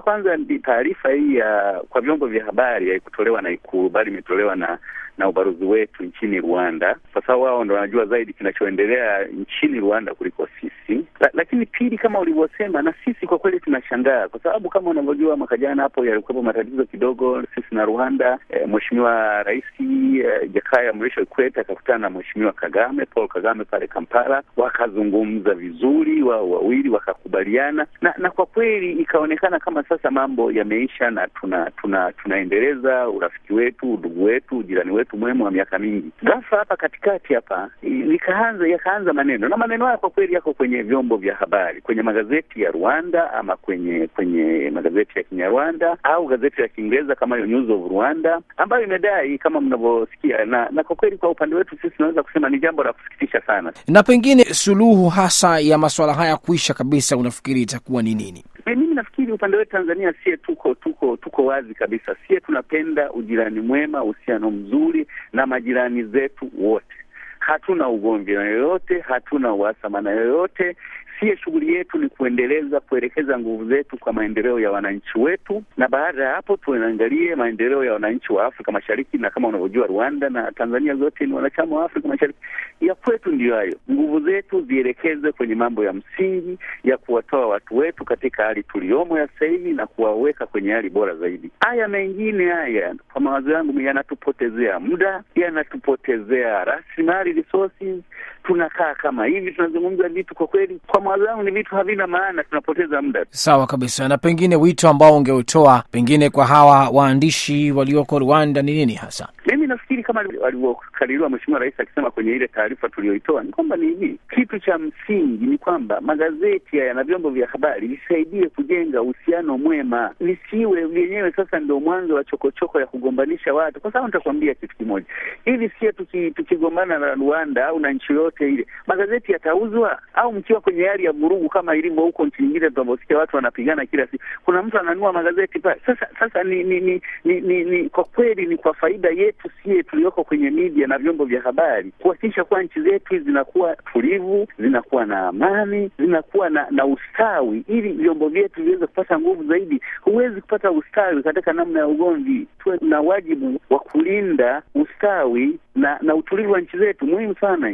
Kwanza ni taarifa hii ya kwa vyombo vya habari haikutolewa na Ikulu bali imetolewa na na ubalozi wetu nchini Rwanda. Sasa wao ndo wanajua zaidi kinachoendelea nchini Rwanda kuliko sisi. La, lakini pili kama ulivyosema, na sisi kwa kweli tunashangaa kwa sababu kama unavyojua mwaka jana hapo yalikuwepo matatizo kidogo sisi na Rwanda. E, Mheshimiwa Rais e, Jakaya Mrisho Kikwete akakutana na Mheshimiwa Kagame Paul Kagame pale Kampala, wakazungumza vizuri wao wawili wakakubaliana, na, na kwa kweli ikaonekana kama sasa mambo yameisha na tuna, tuna tunaendeleza urafiki wetu, udugu wetu, ujirani wetu mwema wa miaka mingi. Ghafla hapa katikati hapa yakaanza maneno na maneno haya kwa kweli yako kwenye vyombo vyombo vya habari kwenye magazeti ya Rwanda ama kwenye kwenye magazeti ya Kinyarwanda au gazeti ya Kiingereza kama News of Rwanda ambayo imedai kama mnavyosikia, na na kwa kweli, kwa upande wetu sisi tunaweza kusema ni jambo la kusikitisha sana. Na pengine suluhu hasa ya masuala haya kuisha kabisa, unafikiri itakuwa ni nini? E, mimi nafikiri upande wetu Tanzania sie tuko tuko tuko wazi kabisa, sie tunapenda ujirani mwema, uhusiano mzuri na majirani zetu wote Hatuna ugomvi yoyote, hatuna uhasama yoyote. Sie shughuli yetu ni kuendeleza kuelekeza nguvu zetu kwa maendeleo ya wananchi wetu, na baada ya hapo tuangalie maendeleo ya wananchi wa Afrika Mashariki. Na kama unavyojua, Rwanda na Tanzania zote ni wanachama wa Afrika Mashariki. Ya kwetu ndiyo hayo. Nguvu zetu zielekezwe kwenye mambo ya msingi ya kuwatoa watu wetu katika hali tuliyomo ya sasa hivi na kuwaweka kwenye hali bora zaidi. Haya mengine haya, kwa mawazo yangu, yanatupotezea muda, yanatupotezea rasilimali resources, tunakaa kama hivi, tunazungumza vitu kwa kweli, kwa mawazo yangu ni vitu havina maana, tunapoteza muda. Sawa kabisa. Na pengine wito ambao ungeutoa pengine kwa hawa waandishi walioko Rwanda ni nini hasa? nafikiri kama alivyokaririwa Mheshimiwa Rais akisema kwenye ile taarifa tuliyoitoa ni kwamba ni hivi, kitu cha msingi ni kwamba magazeti haya na vyombo vya habari visaidie kujenga uhusiano mwema, visiwe vyenyewe sasa ndio mwanzo wa chokochoko ya kugombanisha watu, kwa sababu nitakwambia kitu kimoja hivi, sie tukigombana tuki na Rwanda au na nchi yoyote ile, magazeti yatauzwa? Au mkiwa kwenye hali ya vurugu kama ilivyo huko nchi nyingine tunavyosikia watu wanapigana kila siku, kuna mtu ananua magazeti pale? Sasa sasa ni, ni, ni, ni, ni, ni kwa kweli ni kwa faida yetu sisi tulioko kwenye media na vyombo vya habari kuhakikisha kuwa nchi zetu zinakuwa tulivu, zinakuwa na amani, zinakuwa na, na ustawi, ili vyombo vyetu viweze kupata nguvu zaidi. Huwezi kupata ustawi katika namna ya ugomvi. Tuwe na wajibu wa kulinda ustawi na, na utulivu wa nchi zetu, muhimu sana.